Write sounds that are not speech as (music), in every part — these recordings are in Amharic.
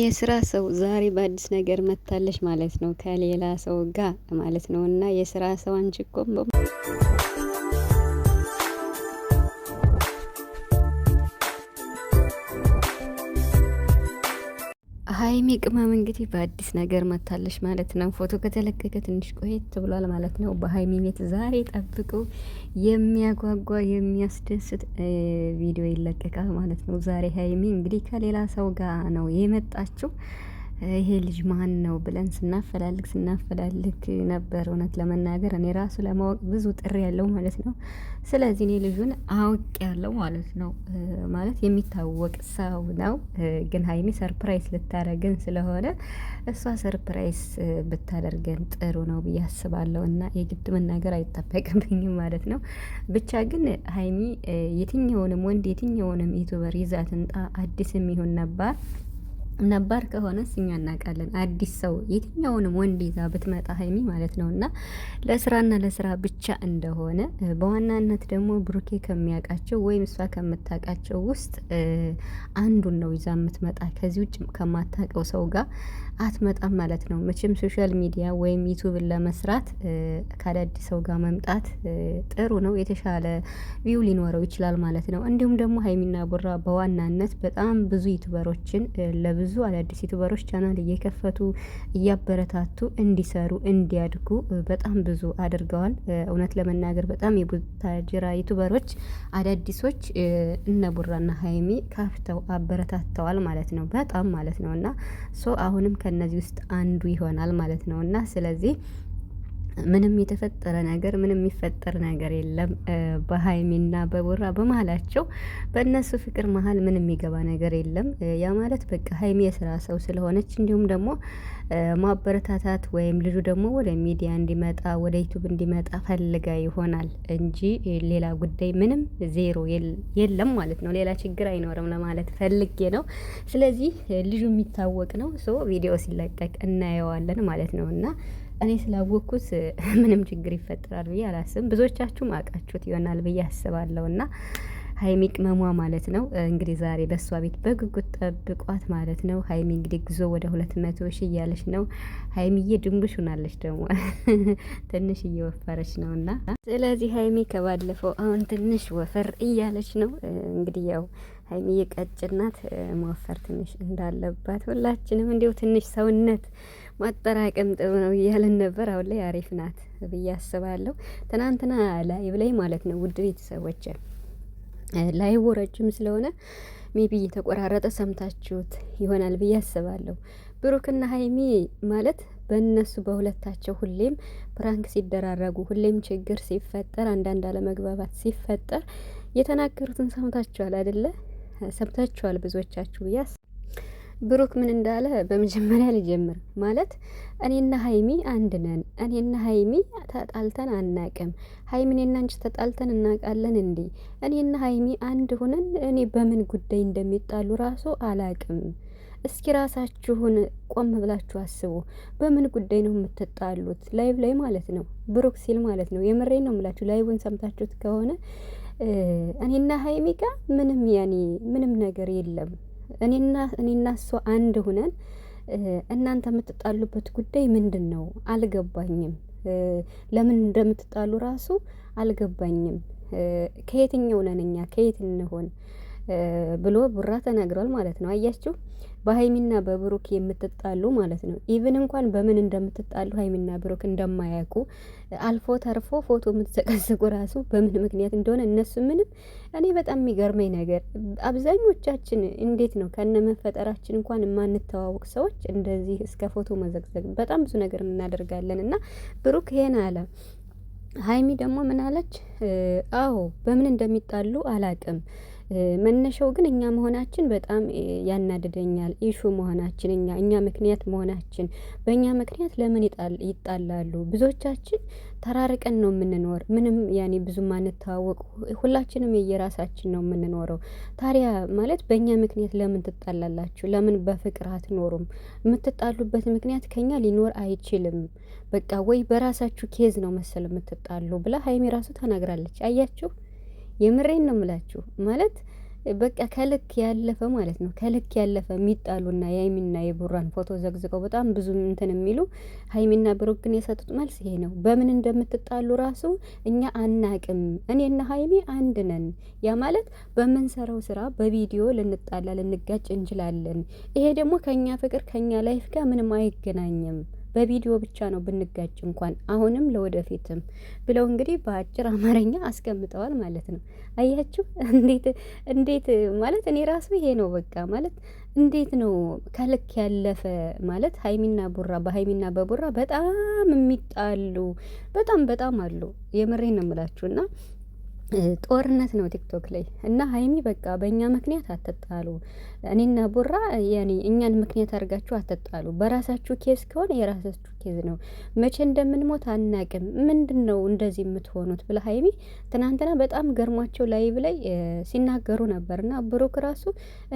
የስራ ሰው ዛሬ በአዲስ ነገር መታለች ማለት ነው። ከሌላ ሰው ጋር ማለት ነው እና የስራ ሰው አንቺ እኮ ሀይሚ ቅመም እንግዲህ በአዲስ ነገር መታለች ማለት ነው። ፎቶ ከተለቀቀ ትንሽ ቆየት ብሏል ማለት ነው። በሀይሚ ቤት ዛሬ ጠብቁ፣ የሚያጓጓ የሚያስደስት ቪዲዮ ይለቀቃል ማለት ነው። ዛሬ ሀይሚ እንግዲህ ከሌላ ሰው ጋር ነው የመጣችው። ይሄ ልጅ ማን ነው ብለን ስናፈላልግ ስናፈላልግ ነበር። እውነት ለመናገር እኔ ራሱ ለማወቅ ብዙ ጥሪ ያለው ማለት ነው። ስለዚህ እኔ ልጁን አውቅ ያለው ማለት ነው። ማለት የሚታወቅ ሰው ነው። ግን ሀይሚ ሰርፕራይዝ ልታረግን ስለሆነ እሷ ሰርፕራይዝ ብታደርገን ጥሩ ነው ብዬ አስባለሁ። እና የግድ መናገር አይጠበቅብኝም ማለት ነው። ብቻ ግን ሀይሚ የትኛውንም ወንድ የትኛውንም ዩቱበር ይዛ አዲስ የሚሆን ነባር ነባር ከሆነ እኛ እናውቃለን። አዲስ ሰው የትኛውንም ወንድ ይዛ ብትመጣ ሀይሚ ማለት ነው እና ለስራና ለስራ ብቻ እንደሆነ በዋናነት ደግሞ ብሩኬ ከሚያውቃቸው ወይም እሷ ከምታውቃቸው ውስጥ አንዱን ነው ይዛ የምትመጣ። ከዚህ ውጭ ከማታውቀው ሰው ጋር አትመጣም ማለት ነው። መቼም ሶሻል ሚዲያ ወይም ዩቱብን ለመስራት ከአዳዲስ ሰው ጋር መምጣት ጥሩ ነው፣ የተሻለ ቪው ሊኖረው ይችላል ማለት ነው። እንዲሁም ደግሞ ሀይሚና ቡራ በዋናነት በጣም ብዙ ዩቱበሮችን ለብዙ ብዙ አዳዲስ ዩቱበሮች ቻናል እየከፈቱ እያበረታቱ እንዲሰሩ እንዲያድጉ በጣም ብዙ አድርገዋል። እውነት ለመናገር በጣም የቡታጅራ ዩቱበሮች አዳዲሶች እነ ቡራና ሀይሚ ከፍተው አበረታተዋል ማለት ነው፣ በጣም ማለት ነው። እና ሶ አሁንም ከነዚህ ውስጥ አንዱ ይሆናል ማለት ነው እና ስለዚህ ምንም የተፈጠረ ነገር ምንም የሚፈጠር ነገር የለም። በሀይሚና በቦራ በመሀላቸው በእነሱ ፍቅር መሀል ምንም የሚገባ ነገር የለም። ያ ማለት በቃ ሀይሚ የስራ ሰው ስለሆነች እንዲሁም ደግሞ ማበረታታት ወይም ልጁ ደግሞ ወደ ሚዲያ እንዲመጣ ወደ ዩቱብ እንዲመጣ ፈልጋ ይሆናል እንጂ ሌላ ጉዳይ ምንም ዜሮ የለም ማለት ነው። ሌላ ችግር አይኖርም ለማለት ፈልጌ ነው። ስለዚህ ልጁ የሚታወቅ ነው። ሶ ቪዲዮ ሲለቀቅ እናየዋለን ማለት ነው እና እኔ ስላወቅኩት (laughs) ምንም ችግር ይፈጠራል ብዬ አላስብም። ብዙዎቻችሁም አውቃችሁት ይሆናል ብዬ አስባለሁ እና ሀይሚ ቅመሟ ማለት ነው እንግዲህ ዛሬ በእሷ ቤት በጉጉት ጠብቋት ማለት ነው። ሀይሚ እንግዲህ ጉዞ ወደ ሁለት መቶ ሺ እያለች ነው። ሀይሚዬ ድንቡሽ ሆናለች ደግሞ (laughs) ትንሽ እየወፈረች ነው እና ስለዚህ ሀይሚ ከባለፈው አሁን ትንሽ ወፈር እያለች ነው እንግዲህ ያው ሀይሚዬ ቀጭን መወፈር ትንሽ እንዳለባት ሁላችንም እንዲሁ ትንሽ ሰውነት ማጠራቀም ጥሩ ነው እያልን ነበር። አሁን ላይ አሪፍ ናት ብዬ አስባለሁ። ትናንትና ላይቭ ላይ ማለት ነው ውድ ቤተሰቦች ላይቭ ረጅም ስለሆነ ሜቢ እየተቆራረጠ ሰምታችሁት ይሆናል ብዬ አስባለሁ። ብሩክና ሀይሚ ማለት በእነሱ በሁለታቸው ሁሌም ፕራንክ ሲደራረጉ ሁሌም ችግር ሲፈጠር አንዳንድ አለመግባባት ሲፈጠር የተናገሩትን ሰምታችኋል አደለ? ሰምታችኋል ብዙዎቻችሁ ብያስ ብሩክ ምን እንዳለ በመጀመሪያ ልጀምር። ማለት እኔና ሀይሚ አንድ ነን፣ እኔና ሀይሚ ተጣልተን አናቅም። ሀይሚ እኔና አንቺ ተጣልተን እናቃለን እንዴ? እኔና ሀይሚ አንድ ሁነን እኔ በምን ጉዳይ እንደሚጣሉ ራሱ አላቅም። እስኪ ራሳችሁን ቆም ብላችሁ አስቡ። በምን ጉዳይ ነው የምትጣሉት? ላይቭ ላይ ማለት ነው፣ ብሩክ ሲል ማለት ነው። የምሬን ነው የምላችሁ። ላይቡን ሰምታችሁት ከሆነ እኔና ሀይሚቃ ምንም ያኔ ምንም ነገር የለም። እኔና እኔና እሷ አንድ ሁነን እናንተ የምትጣሉበት ጉዳይ ምንድን ነው? አልገባኝም። ለምን እንደምትጣሉ ራሱ አልገባኝም። ከየትኛው ነን እኛ ከየት እንሆን ብሎ ቡራ ተናግሯል ማለት ነው። አያችሁ በሀይሚና በብሩክ የምትጣሉ ማለት ነው። ኢቭን እንኳን በምን እንደምትጣሉ ሀይሚና ብሩክ እንደማያውቁ አልፎ ተርፎ ፎቶ የምትዘቀዝቁ ራሱ በምን ምክንያት እንደሆነ እነሱ ምንም። እኔ በጣም የሚገርመኝ ነገር አብዛኞቻችን እንዴት ነው ከነ መፈጠራችን እንኳን የማንተዋወቅ ሰዎች እንደዚህ እስከ ፎቶ መዘግዘግ በጣም ብዙ ነገር እናደርጋለን። እና ብሩክ ይሄን አለ። ሀይሚ ደግሞ ምን አለች? አዎ በምን እንደሚጣሉ አላቅም መነሻው ግን እኛ መሆናችን በጣም ያናድደኛል። ኢሹ መሆናችን እኛ እኛ ምክንያት መሆናችን በእኛ ምክንያት ለምን ይጣላሉ? ብዙዎቻችን ተራርቀን ነው የምንኖር። ምንም ያኔ ብዙ አንተዋወቅ፣ ሁላችንም የየራሳችን ነው የምንኖረው። ታዲያ ማለት በእኛ ምክንያት ለምን ትጣላላችሁ? ለምን በፍቅር አትኖሩም? የምትጣሉበት ምክንያት ከኛ ሊኖር አይችልም። በቃ ወይ በራሳችሁ ኬዝ ነው መሰል የምትጣሉ ብላ ሀይሚ ራሱ ተናግራለች። አያችሁ የምሬን ነው የምላችሁ ማለት በቃ ከልክ ያለፈ ማለት ነው። ከልክ ያለፈ የሚጣሉና የሀይሚና የቡራን ፎቶ ዘግዝቀው በጣም ብዙ እንትን የሚሉ ሀይሚና ብሩክ ግን የሰጡት መልስ ይሄ ነው። በምን እንደምትጣሉ ራሱ እኛ አናቅም። እኔና ሀይሚ አንድ ነን። ያ ማለት በምንሰራው ስራ በቪዲዮ ልንጣላ ልንጋጭ እንችላለን። ይሄ ደግሞ ከኛ ፍቅር ከኛ ላይፍ ጋር ምንም አይገናኝም። በቪዲዮ ብቻ ነው ብንጋጭ እንኳን አሁንም ለወደፊትም ብለው እንግዲህ በአጭር አማርኛ አስቀምጠዋል ማለት ነው። አያችሁ እንዴት እንዴት ማለት እኔ ራሱ ይሄ ነው በቃ ማለት እንዴት ነው ከልክ ያለፈ ማለት ሀይሚና ቡራ በሀይሚና በቡራ በጣም የሚጣሉ በጣም በጣም አሉ። የምሬ ነው የምላችሁ እና ጦርነት ነው ቲክቶክ ላይ እና ሀይሚ በቃ በእኛ ምክንያት አትጣሉ። እኔና ቡራ ያኔ እኛን ምክንያት አድርጋችሁ አትጣሉ። በራሳችሁ ኬዝ ከሆነ የራሳችሁ ኬዝ ነው። መቼ እንደምንሞት አናቅም። ምንድን ነው እንደዚህ የምትሆኑት ብለ ሀይሚ ትናንትና በጣም ገርሟቸው ላይቭ ላይ ሲናገሩ ነበር። እና ብሩክ ራሱ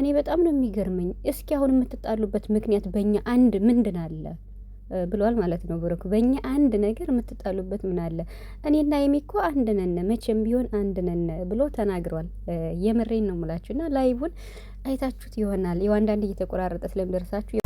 እኔ በጣም ነው የሚገርመኝ። እስኪ አሁን የምትጣሉበት ምክንያት በእኛ አንድ ምንድን አለ? ብሏል ማለት ነው። ብሩክ በእኛ አንድ ነገር የምትጣሉበት ምን አለ? እኔና የሚኮ አንድ ነን፣ መቼም ቢሆን አንድ ነን ብሎ ተናግሯል። የምሬን ነው የምላችሁ እና ላይቡን አይታችሁት ይሆናል። ያው አንዳንድ እየተቆራረጠ ስለሚደርሳችሁ